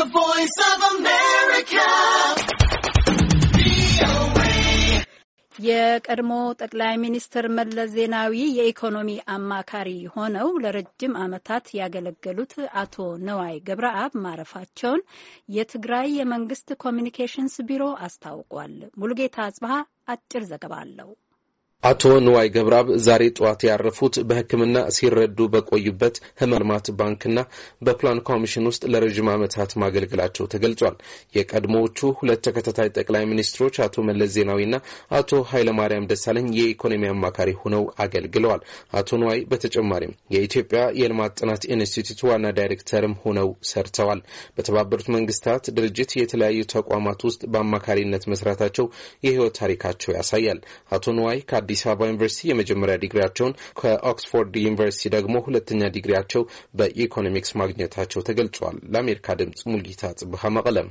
The Voice of America. የቀድሞ ጠቅላይ ሚኒስትር መለስ ዜናዊ የኢኮኖሚ አማካሪ ሆነው ለረጅም ዓመታት ያገለገሉት አቶ ነዋይ ገብረአብ ማረፋቸውን የትግራይ የመንግስት ኮሚኒኬሽንስ ቢሮ አስታውቋል። ሙሉጌታ አጽብሃ አጭር ዘገባ አለው። አቶ ንዋይ ገብረአብ ዛሬ ጠዋት ያረፉት በሕክምና ሲረዱ በቆዩበት ሕሙማን ልማት ባንክና በፕላን ኮሚሽን ውስጥ ለረዥም ዓመታት ማገልገላቸው ተገልጿል። የቀድሞዎቹ ሁለት ተከታታይ ጠቅላይ ሚኒስትሮች አቶ መለስ ዜናዊና አቶ ኃይለማርያም ደሳለኝ የኢኮኖሚ አማካሪ ሆነው አገልግለዋል። አቶ ንዋይ በተጨማሪም የኢትዮጵያ የልማት ጥናት ኢንስቲትዩት ዋና ዳይሬክተርም ሆነው ሰርተዋል። በተባበሩት መንግስታት ድርጅት የተለያዩ ተቋማት ውስጥ በአማካሪነት መስራታቸው የህይወት ታሪካቸው ያሳያል። አቶ ንዋይ ከአዲስ አበባ ዩኒቨርሲቲ የመጀመሪያ ዲግሪያቸውን ከኦክስፎርድ ዩኒቨርሲቲ ደግሞ ሁለተኛ ዲግሪያቸው በኢኮኖሚክስ ማግኘታቸው ተገልጿል። ለአሜሪካ ድምጽ ሙልጌታ ጽብሃ መቀለም